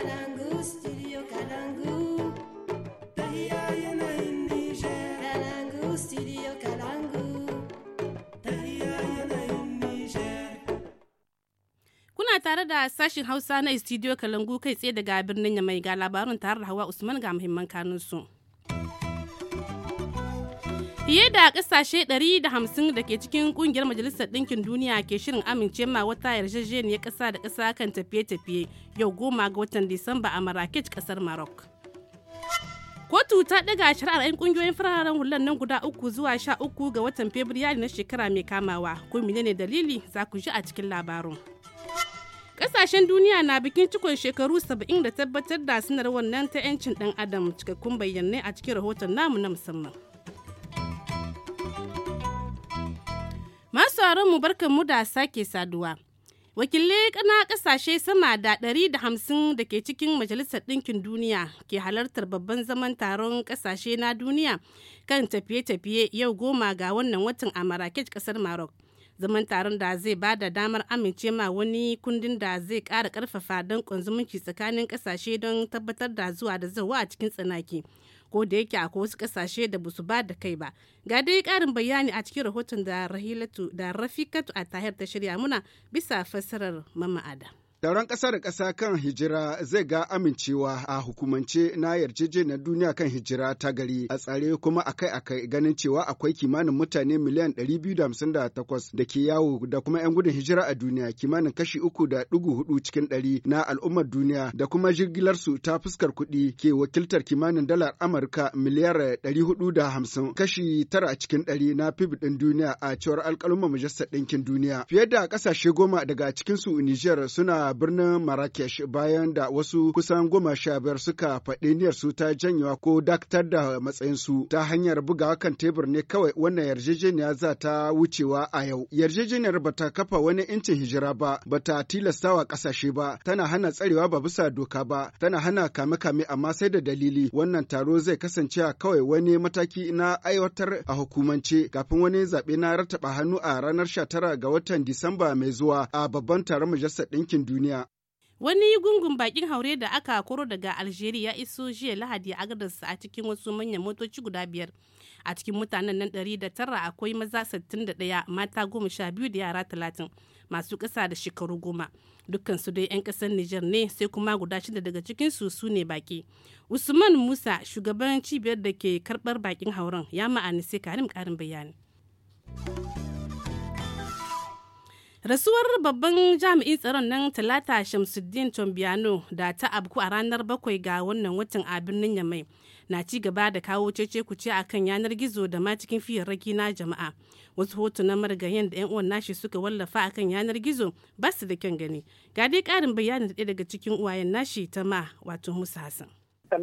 Kuna tare da sashin Hausa na studio Kalangu kai tsaye daga birnin Yamai ga labarin tare da Hawa Usman ga muhimman kanunsu. Fiye da ƙasashe 150 da ke cikin ƙungiyar Majalisar Ɗinkin Duniya ke shirin amince ma wata yarjejeniya ƙasa da ƙasa kan tafiye-tafiye yau goma ga watan Disamba a Marrakech ƙasar Maroc. Kotu ta ɗaga shari'ar 'yan ƙungiyoyin fararen hular nan guda uku zuwa sha uku ga watan Fabrairu na shekara mai kamawa. Ko ne dalili za ku ji a cikin labarin. Ƙasashen duniya na bikin cikon shekaru saba'in da tabbatar da sanarwar nan ta 'yancin dan adam cikakkun bayyanai a cikin rahoton namu na musamman. sauraron mu barkan mu da sake saduwa. Wakilai kana kasashe sama da 150 da hamsin da ke cikin Majalisar Ɗinkin Duniya ke halartar babban zaman taron kasashe na duniya kan tafiye-tafiye yau goma ga wannan watan a Marrakech kasar Maroc. Zaman taron da zai ba da damar amince ma wani kundin da zai ƙara ƙarfafa don zumunci tsakanin kasashe don tabbatar da zuwa da zuwa a cikin tsanaki. ko da yake akwai wasu kasashe da basu ba da kai ba ga dai karin bayani a cikin rahoton da rahilatu da rafikatu a tahir ta shirya muna bisa fassarar mama'ada. Taron ƙasa da ƙasa kan hijira zai ga amincewa a hukumance na yarjejeniyar duniya kan hijira ta gari a tsare kuma akai-akai ganin cewa akwai kimanin mutane miliyan 258 da ke yawo da kuma 'yan gudun hijira a duniya kimanin kashi uku da ɗigo hudu cikin ɗari na al'ummar duniya da kuma jirgilarsu ta fuskar kuɗi ke wakiltar kimanin dalar Amurka miliyar 450 kashi tara a cikin ɗari na fib ɗin duniya a cewar alƙalumar majalisar ɗinkin duniya. Fiye da ƙasashe goma daga cikinsu Nijar suna a birnin Marrakesh bayan da wasu kusan goma sha biyar suka faɗi niyyar su ta janyewa ko dakatar da matsayinsu ta hanyar buga kan tebur ne kawai wannan yarjejeniya za ta wucewa a yau. Yarjejeniyar ba ta kafa wani incin hijira ba, ba ta tilastawa ƙasashe ba, tana hana tsarewa ba bisa doka ba, tana hana kame-kame amma sai da dalili. Wannan taro zai kasance kawai wani mataki na aiwatar a hukumance kafin wani zaɓe na rataɓa hannu a ranar sha tara ga watan Disamba mai zuwa a babban taron Majalisar Ɗinkin Duniya. duniya. Wani gungun bakin haure da aka koro daga Algeria ya iso jiya Lahadi a gadarsa a cikin wasu manyan motoci guda biyar. A cikin mutanen nan ɗari da tara akwai maza sittin da ɗaya mata goma sha biyu da yara talatin masu ƙasa da shekaru goma. Dukkansu dai 'yan ƙasar Nijar ne sai kuma guda shida daga cikinsu su ne baki. Usman Musa shugaban cibiyar da ke karɓar bakin hauren ya ma'ani sai Karim ƙarin bayani. rasuwar babban jami'in tsaron nan talata shamsuddin tombiano da ta abku a ranar bakwai ga wannan watan a birnin yamai na ci gaba da kawo cece kuce a kan yanar gizo da ma cikin raki na jama'a wasu na margayen da 'yan uwan nashi suka wallafa a kan yanar gizo ba su da kyan gani ga dai karin bayanin da daga cikin uwayen nashi ta ma wato musa hassan Eh,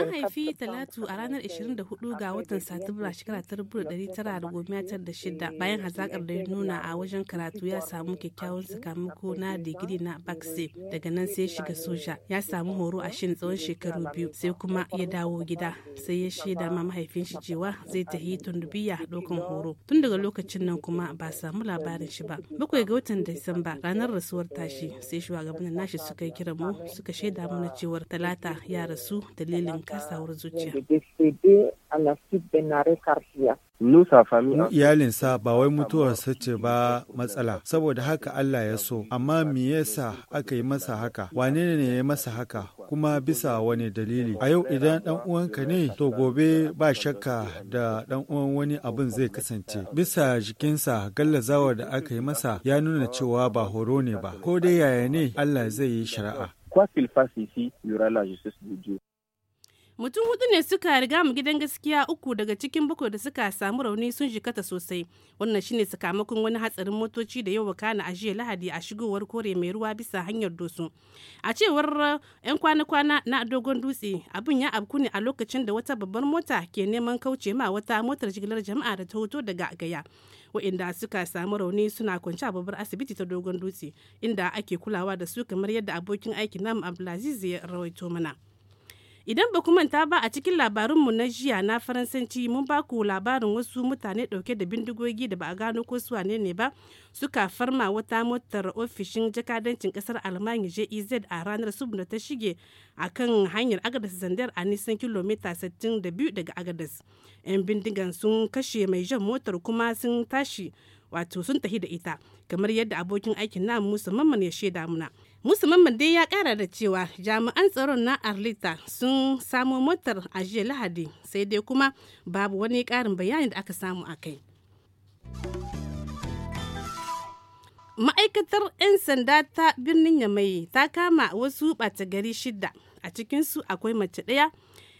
An haifi Talatu a ranar 24 eh, ga watan Satumba shekara ta 1996 bayan hazakar da ya nuna a wajen karatu ya samu kyakkyawan sakamako na digiri na baxi daga nan sai shiga soja ya samu horo a shin tsawon shekaru biyu sai kuma ya dawo gida sai ya shaida ma mahaifin shi cewa zai tafi tundubiya dokan horo tun daga lokacin nan kuma ba samu labarin shi ba bakwai ga watan Disamba ranar rasuwar tashi sai shugabannin nashi suka yi kira mu suka shaida mana cewar Talata ya ya rasu dalilin kasawar zuciya. iyalinsa ba wai mutuwar sace ba matsala saboda haka Allah ya so amma me yasa aka yi masa haka wane ne ya yi masa haka kuma bisa wani dalili a yau idan dan uwanka ne to gobe ba shakka da dan uwan wani abin zai kasance bisa jikinsa gallazawa da aka yi masa ya nuna cewa ba horo ne ba ko dai yaya ne Allah zai yi shari'a quoi qu'il fasse ici, il y aura la justice de Dieu. mutum hudu ne suka riga mu gidan gaskiya uku daga cikin bakwai da suka samu rauni sun jikata sosai wannan shine sakamakon wani hatsarin motoci da yau kana a jiya lahadi a shigowar kore mai ruwa bisa hanyar dosu a cewar yan kwana-kwana na dogon dutse abin ya abku ne a lokacin da wata babbar mota ke neman kauce ma wata motar jigilar jama'a da ta hoto daga gaya waɗanda suka samu rauni suna kwanci a babbar asibiti ta dogon dutse inda ake kulawa da su kamar yadda abokin aikin namu abdulaziz ya rawaito mana. Idan ba ku manta ba a cikin labarinmu na jiya na Faransanci mun ba ku labarin wasu mutane ɗauke da bindigogi da ba a gano ko su wane ne ba suka farma wata motar ofishin jakadancin ƙasar Almanya JEZ a ranar Subna ta shige a kan hanyar Agadas Zandar a nisan kilomita 62 daga Agadas. 'Yan bindigan sun kashe mai jan motar kuma sun tashi wato sun tafi da ita kamar yadda abokin aikin namu Musa Mamman ya shaida muna. musamman mande ya kara da cewa jami'an tsaron na arlita sun samo motar a jiya lahadi sai dai kuma babu wani karin bayani da aka samu a kai ma'aikatar 'yan sanda ta birnin yamai ta kama wasu ɓata gari shida a cikinsu akwai mace ɗaya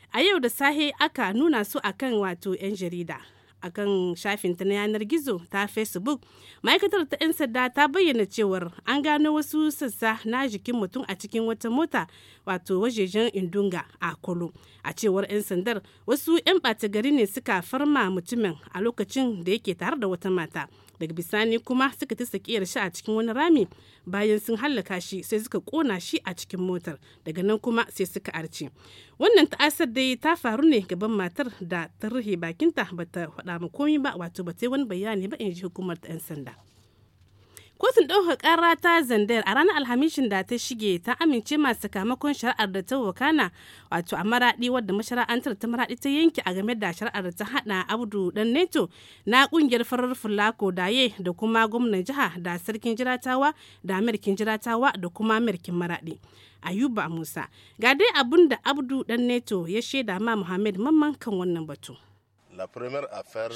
a yau da sahe aka nuna su akan wato 'yan jarida akan shafinta na yanar gizo ta facebook ma'aikatar ta 'yan sanda ta bayyana cewar an gano wasu sassa na jikin mutum a cikin wata mota wato wajejen indunga a kolo a cewar 'yan sandar wasu 'yan ɓata gari ne suka farma mutumin a lokacin da yake tare da wata mata daga bisani kuma suka ta sakiyar shi a cikin wani rami bayan sun hallaka shi sai suka kona shi a cikin motar daga nan kuma sai suka arce wannan ta'asar dai ta faru ne gaban matar da ta rufe bakinta bata faɗa ma komi ba wato bata wani bayani ba in ji hukumar ta 'yan sanda. kotun ɗaukar ƙara ta zandar a ranar alhamishin da ta shige ta amince ma sakamakon shari'ar da ta wakana wato a maraɗi wadda mashara'antar ta maraɗi ta yanke a game da shari'ar da ta haɗa abdu dan neto na ƙungiyar farar fulako daye da kuma gwamnan jiha da sarkin jiratawa da amirkin jiratawa da kuma amirkin maraɗi ayuba musa ga dai abun da abdu dan neto ya shaida ma muhammad mamman kan wannan batu.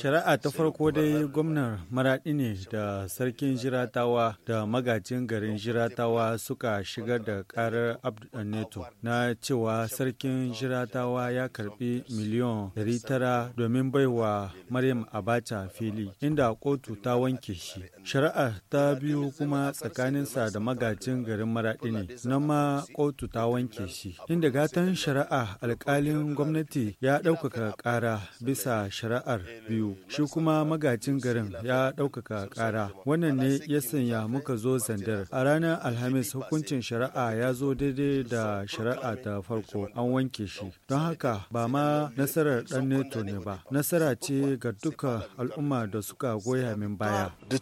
Shari'a ta farko dai gwamnar maraɗi ne da sarkin jiratawa da magajin garin jiratawa suka shigar da karar Abdaneto na cewa sarkin jiratawa ya karbi miliyan 900 domin baiwa Maryam Abacha fili inda kotu ta wanke shi. Shari'a ta biyu kuma tsakaninsa da magajin garin maraɗi ne nan ma kotu ta wanke shi inda gatan shari'a alkalin gwamnati ya ɗaukaka ƙara bisa shari'ar biyu shi kuma magajin garin ya ɗaukaka ƙara wannan ne ya sanya muka zo zandar a ranar alhamis hukuncin shari'a ya zo daidai da shari'a ta farko an wanke shi don haka ba ma nasarar ɗan neto ne ba nasara ce ga duka al'umma da suka goya min baya da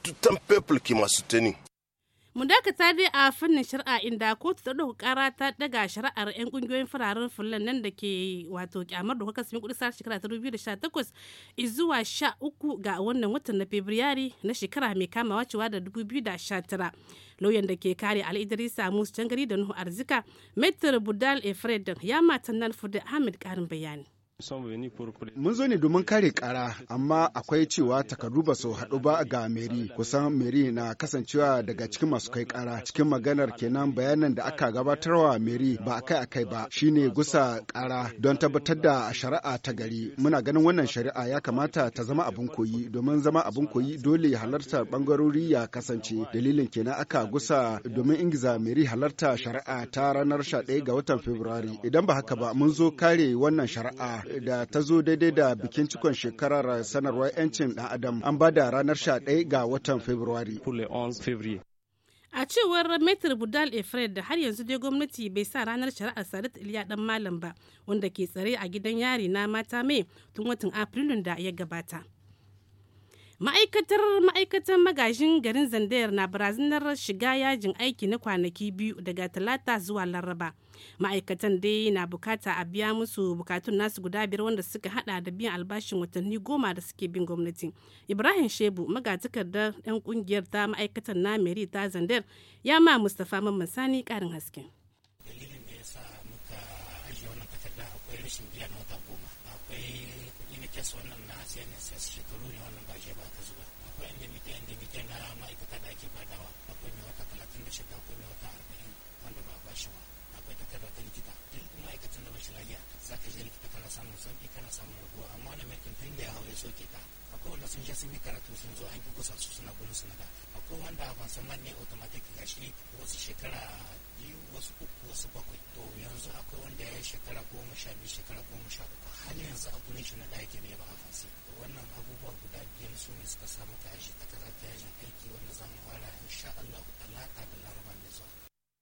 mu dakata dai a fannin shari'a inda kotu ta dauka kara ta daga shari'ar 'yan kungiyoyin fararen fulan nan da ke wato kyamar da kuka sami kudi sa shekara ta 2018 zuwa 13 ga wannan watan na fabrairu na shekara mai kamawa cewa da 2019 lauyan da ke kare Idris, Samus, cangari da nuhu arzika Maitre budal efred ya matan nan Fudu ahmed karin bayani Mun zo ne domin kare kara, amma akwai cewa takardu ba su haɗu ba ga Meri. Kusan Meri na kasancewa daga cikin masu kai kara. Cikin maganar kenan bayanan da aka gabatarwa Meri ba akai akai ba shine gusa kara don tabbatar da shari'a ta gari. Muna ganin wannan shari'a ya kamata ta zama abin koyi domin zama abin koyi dole halarta bangarori ya kasance. Dalilin kenan aka gusa domin ingiza Meri halarta shari'a ta ranar 11 ga watan Fabrairu. Idan ba haka ba mun zo kare wannan shari'a da ta zo daidai da bikin cikon shekarar sanarwar 'yancin ɗan adam an ba da ranar 11 ga watan Fabrairu. A cewar Metro Budal Efred har yanzu dai gwamnati bai sa ranar shari'ar Sadat Iliya dan Malam ba wanda ke tsare a gidan yari na mata mai tun watan Afrilun da ya gabata. ma'aikatar ma'aikatar magajin garin zandayar na barazanar shiga yajin aiki na kwanaki biyu daga talata zuwa laraba ma'aikatan dai na bukata a biya musu bukatun nasu guda biyar wanda suka hada da biyan albashin watanni goma da suke bin gwamnati ibrahim shebu magatakardar yan kungiyar ta ma'aikatan na meri ta zandar ya ma mustapha mamman sani karin haske. dalilin da sa muka ajiye wannan takarda akwai rashin biyan wata goma akwai kudi na wannan na cnss shekaru ne soke ta akwai wanda sun je sun yi karatu sun zo an yi kusa su suna gudun su naga akwai wanda ban san ne automatic shi wasu shekara biyu wasu uku wasu bakwai to yanzu akwai wanda ya yi shekara goma sha biyu shekara goma sha uku har yanzu a gurin shi na da yake ba a fansi to wannan abubuwa guda biyar su ne suka samu ta yashi ta yajin aiki wanda zamu fara insha Allah talata da laraba mai zuwa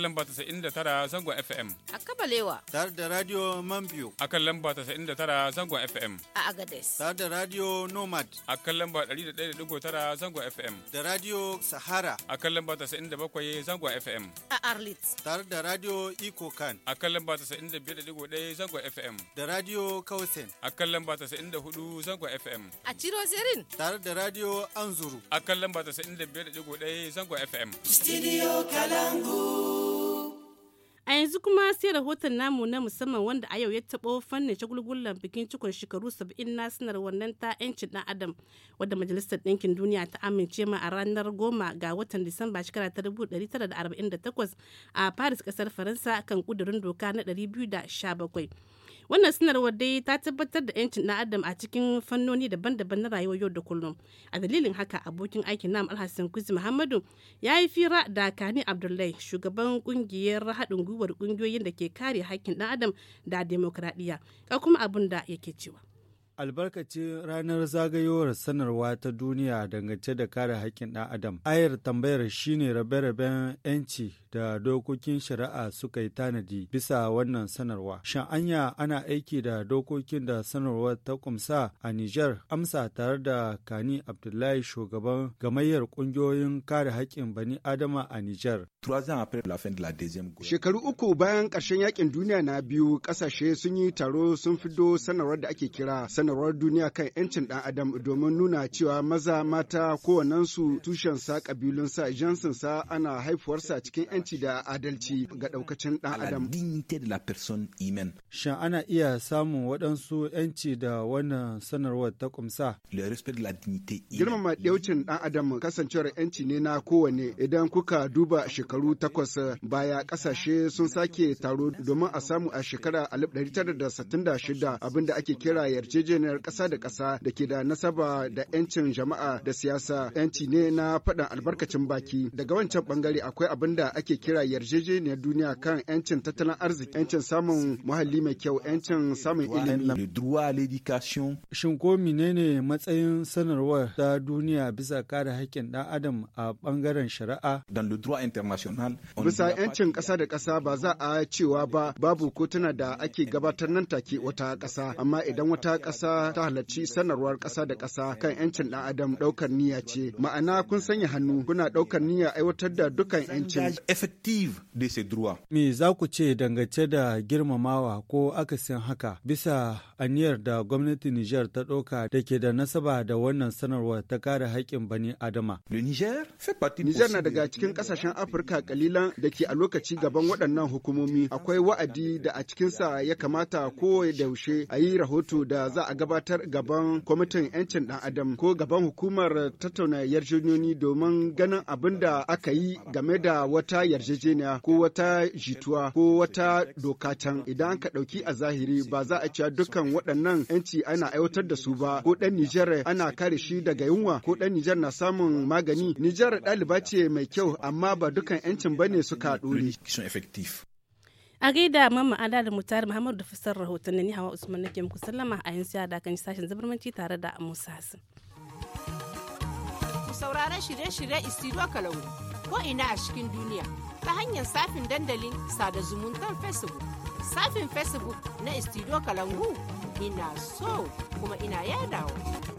kan lamba 99 zangon FM. A Kabalewa. Tare da Radio Mambio. A kan lamba 99 zangon FM. A Agades. Tare da Radio Nomad. A kan lamba 101.9 zangon FM. Da Radio Sahara. A kan lamba 97 zangon FM. A Arlit. Tare da Radio Iko Kan. A kan lamba 95.1 zangon FM. Da Radio Kausen. A kan lamba 94 zangon FM. A Ciro Zerin. Tare da Radio Anzuru. A kan lamba 95.1 zangon FM. Studio Kalangu. yanzu kuma sai rahoton namu na musamman wanda a yau ya taɓo fannin shagulgulan bikin cikon shekaru 70 na sanar wannan ta 'yancin ɗan adam wadda majalisar ɗinkin duniya ta amince ma a ranar goma ga watan disamba shekara ta 1948 a paris ƙasar faransa kan ƙudurin doka na 217 wannan sanarwar dai ta tabbatar da 'yancin ɗan adam a cikin fannoni daban-daban na rayuwar yau da kullum a dalilin haka abokin aikin nam alhassan kuzi muhammadu ya yi fira da kani abdullahi shugaban kungiyar haɗin gwiwar kungiyoyin da ke kare hakkin ɗan adam da demokradiyya ga kuma abin da yake cewa albarkacin ranar zagayowar sanarwa ta duniya dangance da kare haƙƙin ɗan adam ayar tambayar shine rabe-raben 'yanci da dokokin shari'a suka yi tanadi bisa wannan sanarwa shan anya ana aiki da dokokin da sanarwar ta kumsa a niger amsa tare da kani abdullahi shugaban gamayyar ƙungiyoyin kare haƙƙin bani adama a niger shekaru uku bayan ƙarshen yaƙin duniya na biyu ƙasashe sun yi taro sun fido sanarwar da ake kira sanarwar duniya kan 'yancin ɗan adam domin nuna cewa maza mata kowannensu tushensa ƙabilunsa jinsinsa ana haifuwarsa cikin 'yanci da adalci ga ɗaukacin ɗan adam. Shin ana iya samun waɗansu 'yanci da wannan sanarwar ta kumsa? Girmama ɗaucin ɗan adam kasancewar 'yanci ne na kowane idan kuka duba shekaru takwas baya kasashe sun sake taro domin a samu a shekara 1966 abinda ake kira yarjejeniya yarjejeniyar ƙasa da ƙasa da ke da nasaba da 'yancin jama'a da siyasa 'yanci ne na faɗin albarkacin baki. Daga wancan bangare akwai abin da ake kira yarjejeniyar duniya kan 'yancin tattalin arziki, 'yancin samun muhalli mai kyau, 'yancin samun ilimi. Shin ko menene matsayin sanarwar ta duniya bisa kare haƙƙin ɗan adam a bangaren shari'a? international Bisa 'yancin ƙasa da ƙasa ba za a cewa ba babu kotuna da ake gabatar nan take wata ƙasa, amma idan wata ƙasa Kasa ta halarci sanarwar ƙasa da ƙasa kan 'yancin ɗan adam ɗaukar niyya ce. Ma'ana kun sanya hannu kuna ɗaukar niyya aiwatar da dukkan 'yancin. Effective de ces Me za ku ce dangance da girmamawa ko akasin haka bisa aniyar da gwamnatin Nijar ta ɗauka da ke da nasaba da wannan sanarwar ta kare haƙƙin bani Adama. Nijar na daga cikin ƙasashen Afirka kalilan da ke a lokaci gaban waɗannan hukumomi akwai wa'adi da a cikinsa ya kamata ko da yaushe a yi rahoto da za a a gabatar gaban kwamitin 'yancin dan adam ko gaban hukumar tattauna yarjejeniyoyi domin ganin abin da aka yi game da wata yarjejeniya ko wata jituwa ko wata doka can idan ka ɗauki a zahiri ba za a cewa dukkan waɗannan 'yanci ana aiwatar da su ba ko ɗan Nijar ana kare shi daga yunwa ko ɗan Nijar na samun magani Nijar ɗaliba ce mai kyau amma ba dukkan 'yancin bane suka ɗore. a gaida mamma ada da mutari muhammadu da fasar rahoton da ni hawa usman nake muku sallama a yanzu ya dakan sashen zabarmanci tare da musa hassan ku saurara shirye-shirye istiduwa kalangu ko ina a cikin duniya ta hanyar safin dandalin sada zumuntar facebook safin facebook na istiduwa kalangu ina so kuma ina yadawa